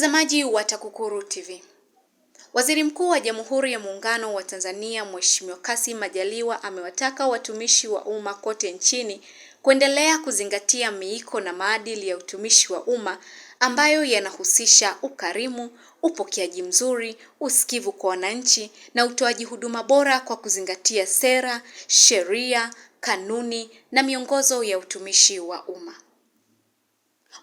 Mtazamaji wa TAKUKURU TV. Waziri Mkuu wa Jamhuri ya Muungano wa Tanzania Mheshimiwa Kassim Majaliwa amewataka watumishi wa umma kote nchini kuendelea kuzingatia miiko na maadili ya utumishi wa umma ambayo yanahusisha ukarimu, upokeaji mzuri, usikivu kwa wananchi na utoaji huduma bora kwa kuzingatia sera, sheria, kanuni na miongozo ya utumishi wa umma.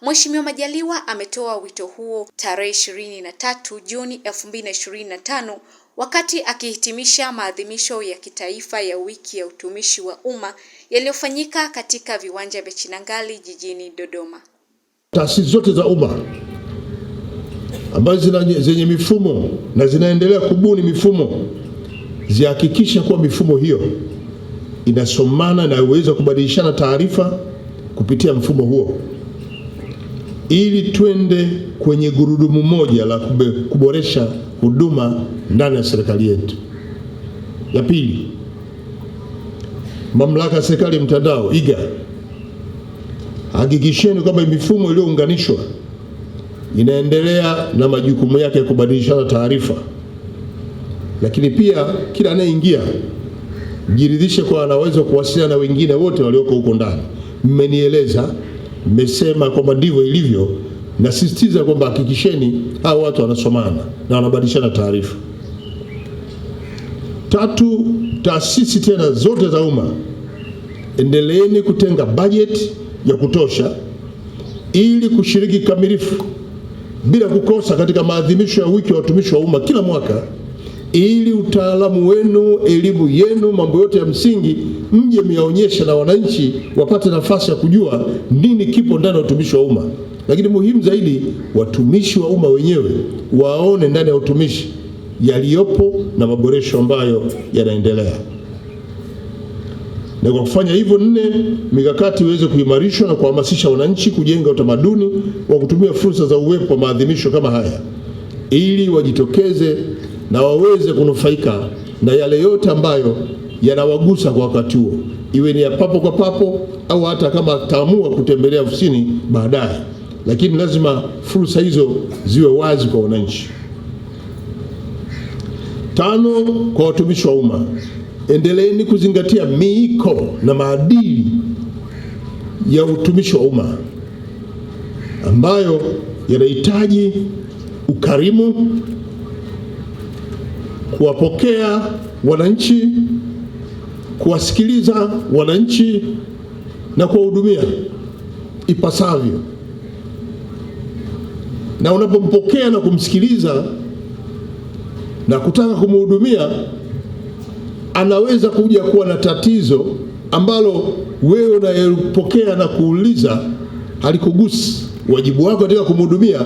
Mheshimiwa Majaliwa ametoa wito huo tarehe ishirini na tatu Juni 2025 wakati akihitimisha maadhimisho ya kitaifa ya wiki ya utumishi wa umma yaliyofanyika katika viwanja vya Chinangali jijini Dodoma. Taasisi zote za umma ambazo zenye mifumo na zinaendelea kubuni mifumo zihakikisha kuwa mifumo hiyo inasomana na uwezo wa kubadilishana taarifa kupitia mfumo huo ili twende kwenye gurudumu moja la kuboresha huduma ndani ya serikali yetu. Ya pili, mamlaka ya serikali mtandao iga, hakikisheni kwamba mifumo iliyounganishwa inaendelea na majukumu yake ya kubadilishana taarifa, lakini pia kila anayeingia jiridhishe kwa anaweza kuwasiliana na wengine wote walioko huko ndani. Mmenieleza mmesema kwamba ndivyo ilivyo. Nasisitiza kwamba hakikisheni hao watu wanasomana na wanabadilishana taarifa. Tatu, taasisi tena zote za umma endeleeni kutenga bajeti ya kutosha ili kushiriki kikamilifu bila kukosa katika maadhimisho ya wiki ya watumishi wa umma kila mwaka ili utaalamu wenu, elimu yenu, mambo yote ya msingi mje myaonyesha na wananchi wapate nafasi ya kujua nini kipo ndani ya utumishi wa umma. Lakini muhimu zaidi, watumishi wa umma wenyewe waone ndani ya utumishi yaliyopo na maboresho ambayo yanaendelea. Na kwa kufanya hivyo, nne, mikakati iweze kuimarishwa na kuhamasisha wananchi kujenga utamaduni wa kutumia fursa za uwepo wa maadhimisho kama haya ili wajitokeze na waweze kunufaika na yale yote ambayo yanawagusa kwa wakati huo, iwe ni ya papo kwa papo au hata kama ataamua kutembelea ofisini baadaye, lakini lazima fursa hizo ziwe wazi kwa wananchi. Tano, kwa watumishi wa umma, endeleeni kuzingatia miiko na maadili ya utumishi wa umma ambayo yanahitaji ukarimu kuwapokea wananchi, kuwasikiliza wananchi na kuwahudumia ipasavyo. Na unapompokea na kumsikiliza na kutaka kumhudumia, anaweza kuja kuwa na tatizo ambalo wewe unayepokea na kuuliza halikugusi. Wajibu wako katika kumhudumia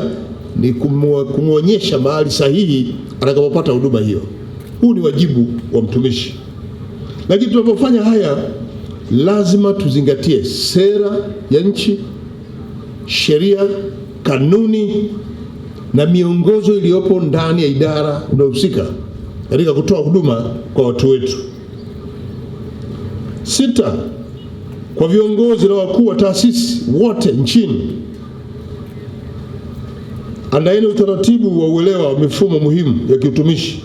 ni kumwonyesha mahali sahihi atakapopata huduma hiyo. Huu ni wajibu wa mtumishi, lakini tunapofanya haya lazima tuzingatie sera ya nchi, sheria, kanuni na miongozo iliyopo ndani ya idara unayohusika katika kutoa huduma kwa watu wetu. Sita, kwa viongozi na wakuu wa taasisi wote nchini, andaeni utaratibu wa uelewa wa mifumo muhimu ya kiutumishi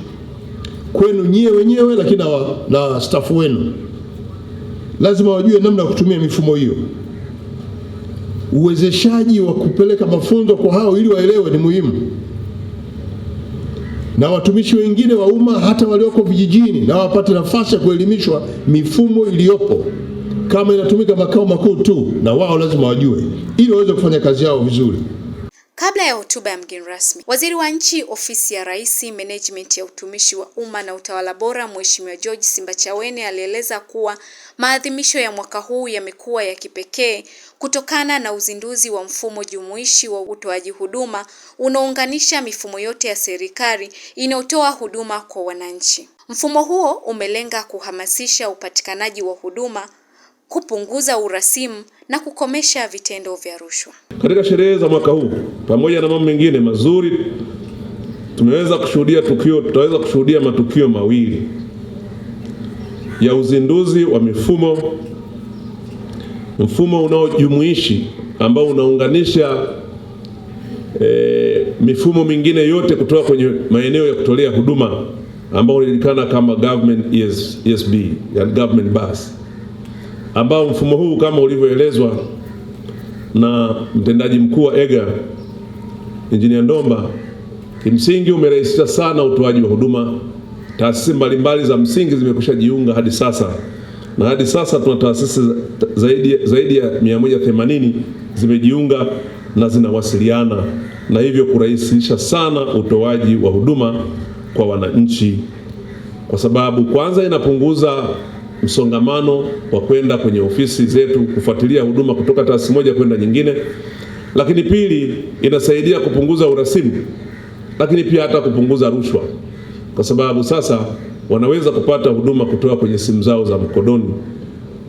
kwenu nyie wenyewe, lakini na, na stafu wenu lazima wajue namna ya kutumia mifumo hiyo. Uwezeshaji wa kupeleka mafunzo kwa hao ili waelewe ni muhimu, na watumishi wengine wa umma hata walioko vijijini na wapate nafasi ya kuelimishwa mifumo iliyopo, kama inatumika makao makuu tu, na wao lazima wajue ili waweze kufanya kazi yao vizuri. Kabla ya hotuba ya mgeni rasmi, waziri wa nchi ofisi ya Rais, management ya utumishi wa umma na utawala bora, Mheshimiwa George Simbachawene alieleza kuwa maadhimisho ya mwaka huu yamekuwa ya kipekee kutokana na uzinduzi wa mfumo jumuishi wa utoaji huduma unaounganisha mifumo yote ya serikali inayotoa huduma kwa wananchi. Mfumo huo umelenga kuhamasisha upatikanaji wa huduma kupunguza urasimu na kukomesha vitendo vya rushwa. Katika sherehe za mwaka huu, pamoja na mambo mengine mazuri, tumeweza kushuhudia tukio, tutaweza kushuhudia matukio mawili ya uzinduzi wa mifumo, mfumo unaojumuishi ambao unaunganisha e, mifumo mingine yote kutoka kwenye maeneo ya kutolea huduma ambayo unajulikana kama government ES, ESB, yani government bus ambao mfumo huu kama ulivyoelezwa na mtendaji mkuu wa EGA Injinia Ndomba, kimsingi umerahisisha sana utoaji wa huduma. Taasisi mbalimbali za msingi zimekwisha jiunga hadi sasa, na hadi sasa tuna taasisi zaidi, zaidi ya 180 zimejiunga na zinawasiliana na hivyo kurahisisha sana utoaji wa huduma kwa wananchi, kwa sababu kwanza inapunguza msongamano wa kwenda kwenye ofisi zetu kufuatilia huduma kutoka taasisi moja kwenda nyingine, lakini pili, inasaidia kupunguza urasimu, lakini pia hata kupunguza rushwa, kwa sababu sasa wanaweza kupata huduma kutoka kwenye simu zao za mkononi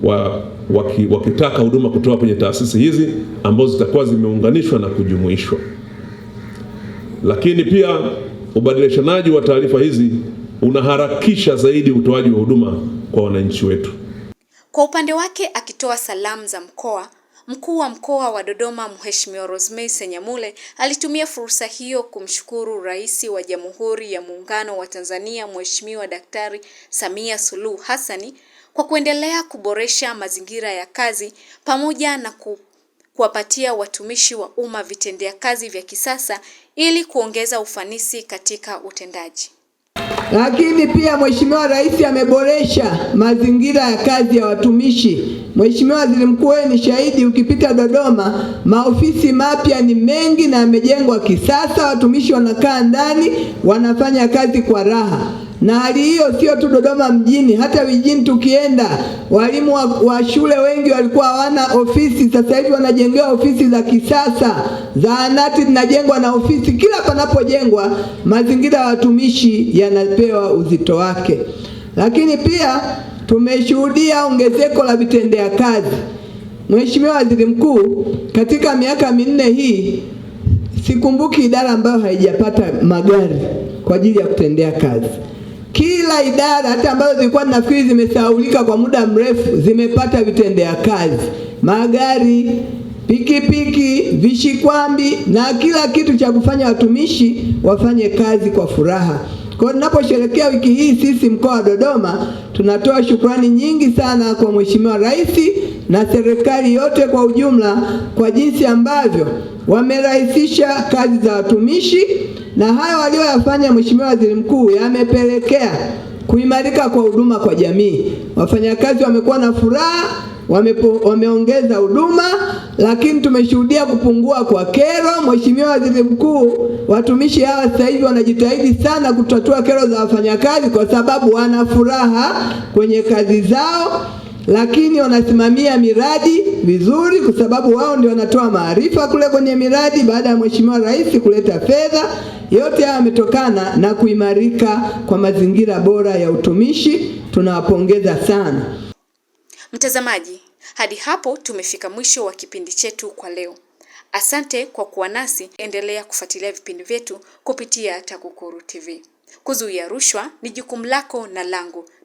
wa, waki, wakitaka huduma kutoka kwenye taasisi hizi ambazo zitakuwa zimeunganishwa na kujumuishwa. Lakini pia ubadilishanaji wa taarifa hizi unaharakisha zaidi utoaji wa huduma kwa wananchi wetu. Kwa upande wake, akitoa salamu za mkoa, mkuu wa mkoa wa Dodoma Mheshimiwa Rosemary Senyamule alitumia fursa hiyo kumshukuru Rais wa Jamhuri ya Muungano wa Tanzania Mheshimiwa Daktari Samia Suluhu Hassani kwa kuendelea kuboresha mazingira ya kazi pamoja na ku kuwapatia watumishi wa umma vitendea kazi vya kisasa ili kuongeza ufanisi katika utendaji. Lakini pia Mheshimiwa Rais ameboresha mazingira ya kazi ya watumishi. Mheshimiwa Waziri Mkuu, wewe ni shahidi, ukipita Dodoma maofisi mapya ni mengi na yamejengwa kisasa, watumishi wanakaa ndani wanafanya kazi kwa raha na hali hiyo sio tu Dodoma mjini, hata vijijini tukienda, walimu wa, wa shule wengi walikuwa hawana ofisi, sasa hivi wanajengewa ofisi za kisasa. Zahanati zinajengwa na ofisi, kila panapojengwa mazingira ya watumishi yanapewa uzito wake. Lakini pia tumeshuhudia ongezeko la vitendea kazi. Mheshimiwa Waziri Mkuu, katika miaka minne hii sikumbuki idara ambayo haijapata magari kwa ajili ya kutendea kazi. Kila idara hata ambazo zilikuwa nafikiri zimesahaulika kwa muda mrefu zimepata vitendea kazi, magari, pikipiki, vishikwambi na kila kitu cha kufanya watumishi wafanye kazi kwa furaha. Kwa hiyo tunaposherekea wiki hii sisi mkoa wa Dodoma tunatoa shukrani nyingi sana kwa Mheshimiwa Rais na serikali yote kwa ujumla kwa jinsi ambavyo wamerahisisha kazi za watumishi, na hayo walioyafanya, Mheshimiwa Waziri Mkuu, yamepelekea kuimarika kwa huduma kwa jamii. Wafanyakazi wamekuwa na furaha, wameongeza huduma, lakini tumeshuhudia kupungua kwa kero. Mheshimiwa Waziri Mkuu, watumishi hawa sasa hivi wanajitahidi sana kutatua kero za wafanyakazi kwa sababu wana furaha kwenye kazi zao lakini wanasimamia miradi vizuri, kwa sababu wao ndio wanatoa maarifa kule kwenye miradi, baada ya mheshimiwa rais kuleta fedha. Yote haya yametokana na kuimarika kwa mazingira bora ya utumishi. Tunawapongeza sana. Mtazamaji, hadi hapo tumefika mwisho wa kipindi chetu kwa leo. Asante kwa kuwa nasi. Endelea kufuatilia vipindi vyetu kupitia TAKUKURU TV. Kuzuia rushwa ni jukumu lako na langu